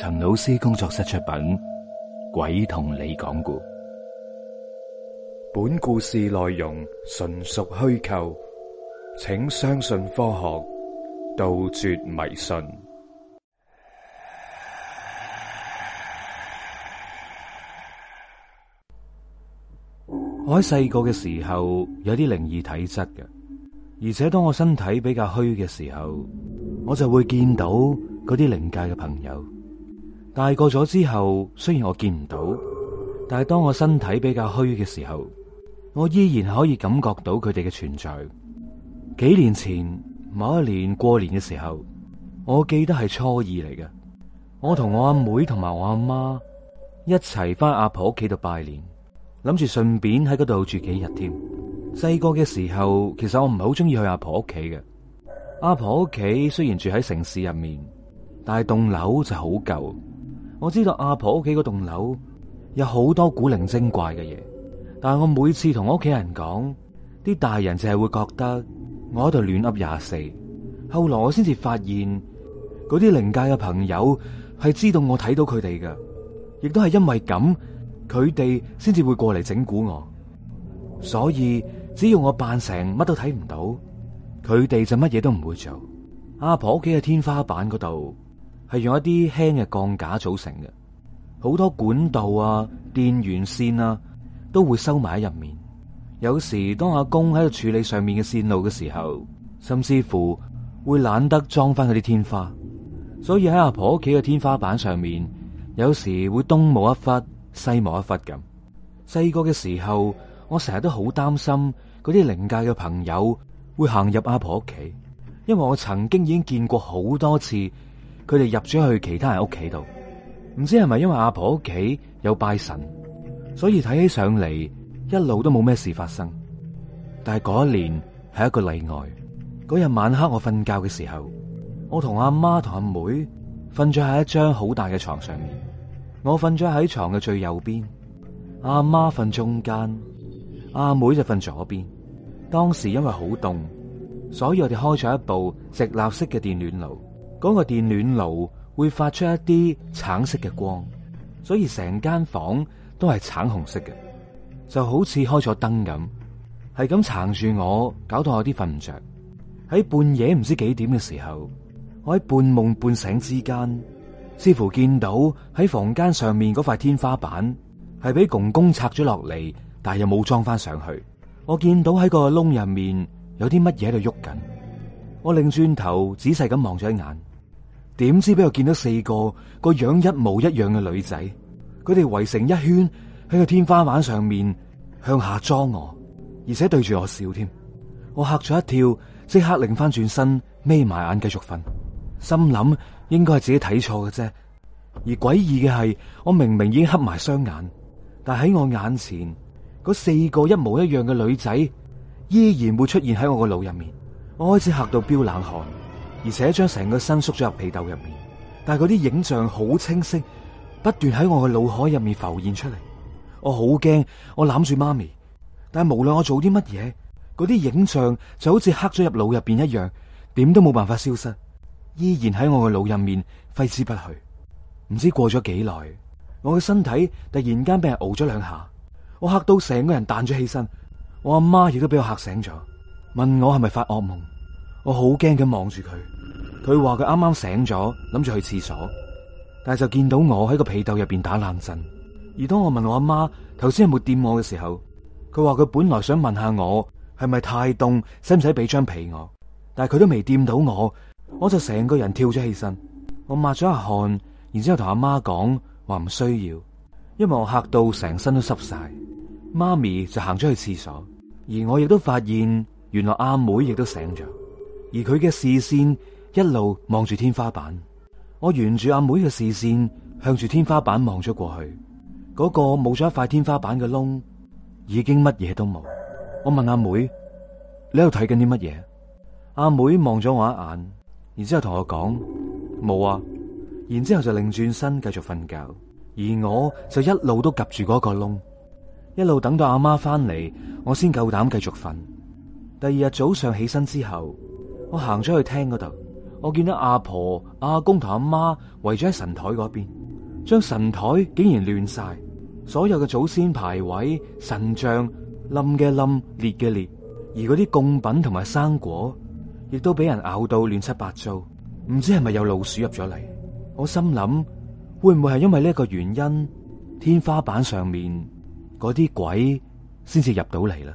陳老師工作室出品，《鬼同你講故》。本故事內容純屬虛構，請相信科學，杜絕迷信。我喺細個嘅時候有啲靈異體質嘅，而且當我身體比較虛嘅時候，我就會見到嗰啲靈界嘅朋友。大個咗之後，雖然我見唔到，但係當我身體比較虛嘅時候，我依然可以感覺到佢哋嘅存在。幾年前某一年過年嘅時候，我記得係初二嚟嘅。我同我阿妹同埋我阿媽一齊翻阿婆屋企度拜年，諗住順便喺嗰度住幾日添。細個嘅時候，其實我唔係好中意去阿婆屋企嘅。阿婆屋企雖然住喺城市入面，但係棟樓就好舊。我知道阿婆屋企嗰棟樓有好多古靈精怪嘅嘢，但係我每次同我屋企人講，啲大人淨係會覺得我喺度亂噏廿四。後來我先至發現，嗰啲靈界嘅朋友係知道我睇到佢哋嘅，亦都係因為咁，佢哋先至會過嚟整蠱我。所以只要我扮成乜都睇唔到，佢哋就乜嘢都唔會做。阿婆屋企嘅天花板嗰度。係用一啲輕嘅鋼架組成嘅，好多管道啊、電源線啊，都會收埋喺入面。有時當阿公喺度處理上面嘅線路嘅時候，甚至乎會懶得裝翻佢啲天花，所以喺阿婆屋企嘅天花板上面，有時會東冇一忽，西冇一忽咁。細個嘅時候，我成日都好擔心嗰啲靈界嘅朋友會行入阿婆屋企，因為我曾經已經見過好多次。佢哋入咗去其他人屋企度，唔知係咪因為阿婆屋企有拜神，所以睇起上嚟一路都冇咩事發生。但係嗰一年係一個例外。嗰日晚黑我瞓覺嘅時候，我同阿媽同阿妹瞓咗喺一張好大嘅床上面。我瞓咗喺床嘅最右邊，阿媽瞓中間，阿妹就瞓左邊。當時因為好凍，所以我哋開咗一部直立式嘅電暖爐。嗰個電暖爐會發出一啲橙色嘅光，所以成間房都係橙紅色嘅，就好似開咗燈咁，係咁撐住我，搞到我有啲瞓唔着。喺半夜唔知幾點嘅時候，我喺半夢半醒之間，似乎見到喺房間上面嗰塊天花板係俾公公拆咗落嚟，但係又冇裝翻上去。我見到喺個窿入面有啲乜嘢喺度喐緊，我擰轉頭仔細咁望咗一眼。點知俾我見到四個個樣一模一樣嘅女仔，佢哋圍成一圈喺個天花板上面向下裝我，而且對住我笑添。我吓咗一跳，即刻擰翻轉身，眯埋眼繼續瞓。心諗應該係自己睇錯嘅啫。而詭異嘅係，我明明已經黑埋雙眼，但喺我眼前嗰四個一模一樣嘅女仔，依然會出現喺我個腦入面。我開始吓到飆冷汗。而且將成個身縮咗入被竇入面，但係嗰啲影像好清晰，不斷喺我嘅腦海入面浮現出嚟。我好驚，我攬住媽咪，但係無論我做啲乜嘢，嗰啲影像就好似刻咗入腦入邊一樣，點都冇辦法消失，依然喺我嘅腦入面揮之不去。唔知過咗幾耐，我嘅身體突然間俾人搖咗兩下，我嚇到成個人彈咗起身，我阿媽亦都俾我嚇醒咗，問我係咪發噩夢。我好驚咁，望住佢。佢話佢啱啱醒咗，諗住去廁所，但係就見到我喺個被竇入邊打冷震。而當我問我阿媽頭先有冇掂我嘅時候，佢話佢本來想問下我係咪太凍，使唔使俾張被我，但係佢都未掂到我，我就成個人跳咗起身，我抹咗下汗，然之後同阿媽講話唔需要，因為我吓到成身都濕晒。媽咪就行咗去廁所，而我亦都發現原來阿妹亦都醒咗。而佢嘅視線一路望住天花板，我沿住阿妹嘅視線向住天花板望咗過去，嗰個冇咗一塊天花板嘅窿已經乜嘢都冇。我問阿妹：你喺度睇緊啲乜嘢？阿妹望咗我一眼，然之後同我講冇啊，然之後就擰轉身繼續瞓覺。而我就一路都夾住嗰個窿，一路等到阿媽翻嚟，我先夠膽繼續瞓。第二日早上起身之後。我行咗去廳嗰度，我見到阿婆、阿公同阿媽圍咗喺神台嗰邊，將神台竟然亂曬，所有嘅祖先牌位、神像冧嘅冧、裂嘅裂，而嗰啲供品同埋生果亦都俾人咬到亂七八糟，唔知係咪有老鼠入咗嚟？我心諗會唔會係因為呢一個原因，天花板上面嗰啲鬼先至入到嚟啦？